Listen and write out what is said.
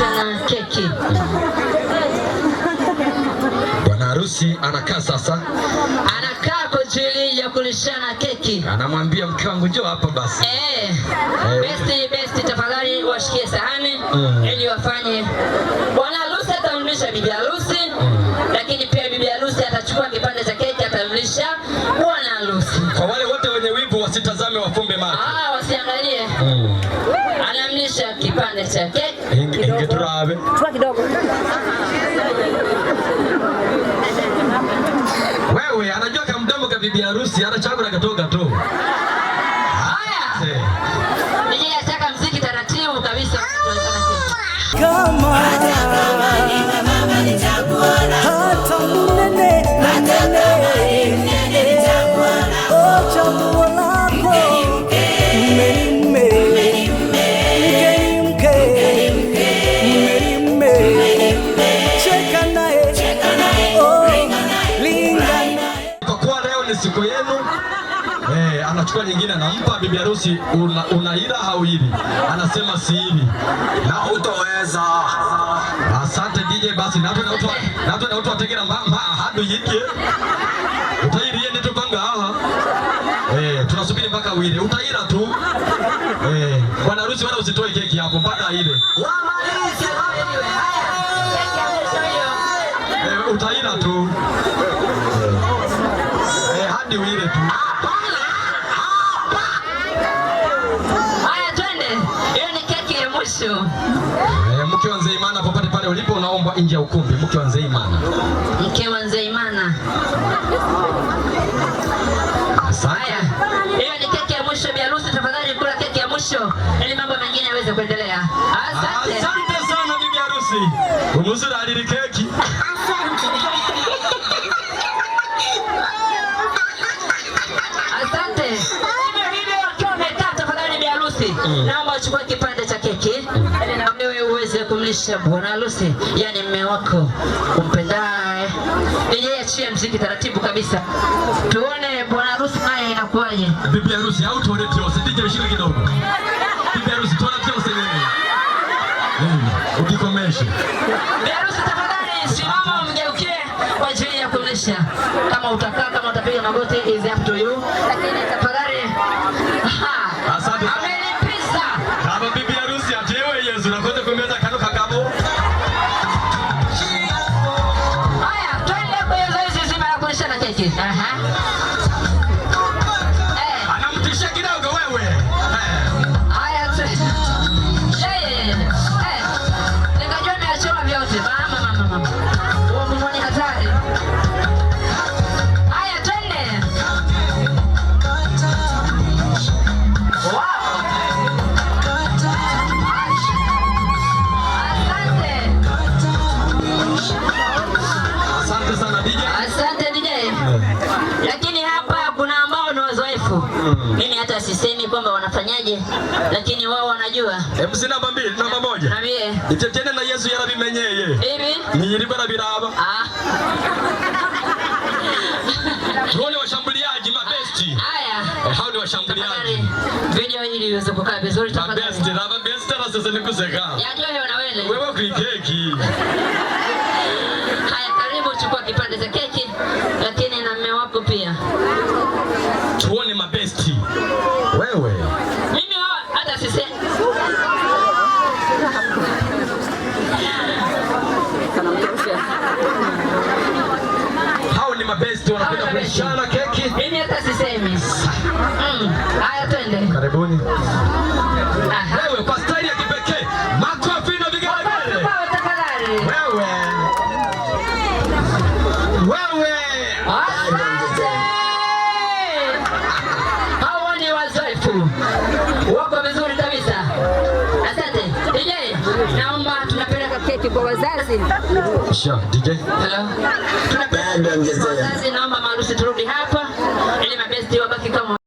kisha na keki. Bwana harusi anakaa sasa, anakaa kwa ajili ya kulishana keki, anamwambia mke wangu njoo hapa basi. Eh, eh. Besti besti, tafadhali washikie sahani mm. ili wafanye bwana harusi atamlisha bibi harusi mm. lakini pia bibi harusi atachukua kipande cha keki atamlisha bwana harusi. Kwa wale wote wenye wivu wasitazame, wafumbe macho, ah, wasiangalie mm. anamlisha kipande cha keki ingeturabe chukua kidogo wewe anajua kamdomo ka bibi harusi anachakura katoka tu. Haya. Mziki taratibu kabisa. Kama anachukua nyingine anampa bibi harusi, unaila una hauili, anasema siili na utoweza. Asante DJ, basi na na natwe natwe tegera mama hadu yike utairie tu banga aha eh, tunasubiri mpaka wile utaira tu eh, bwana harusi wala usitoe keki yako mpaka ile eh, utaira tu kesho. Eh, mke wa Mzee Imana popote pale ulipo unaombwa nje ya ukumbi, mke wa Mzee Imana. Mke wa Mzee Imana. Haya. Hiyo ni keki ya mwisho bi harusi, tafadhali kula keki ya mwisho ili mambo mengine yaweze kuendelea. Asante. Asante sana bibi harusi. Umuzura alili keki. Asante. Asante. bi harusi, mm. Naomba uchukue kipande keki yaani na mlewe uweze kumlisha bwana harusi, yani mme wako umpendaye. Yeye achie mziki taratibu kabisa, tuone bwana harusi naye inakuwaje. Bibi harusi au tuone tio sije mshiki kidogo. Bibi harusi tuone tio sije nini, ukikomesha bibi harusi tafadhali simama mgeukie kwa ajili ya kumlisha. Kama utakaa kama utapiga magoti, is up to you. จิตนะคะ sisemi kwamba wanafanyaje, lakini wao wanajua. Hebu sina namba mbili, namba moja. Nambie. Eh. Itetene na Yesu yarabimenyeye. Ibi. Ni yiriba na biraba. Ah. Tuone washambuliaji mabesti. Haya. Hao ni washambuliaji. Video hili iweze kukaa vizuri tafadhali. Mabesti, na mabesti na sasa nikuseka. Yajua wewe na wewe. Wewe ukikeki. mkononi. Ehewe, kwa staili ya kipekee, makofi na vigelegele. Wewe wewe, asante. Hawa ni wazoefu wako vizuri kabisa, asante DJ. Naomba tunapeleka keki kwa wazazi. Sure DJ, hello, tunapenda wazazi. Naomba marusi turudi hapa ili mabesti wabaki kama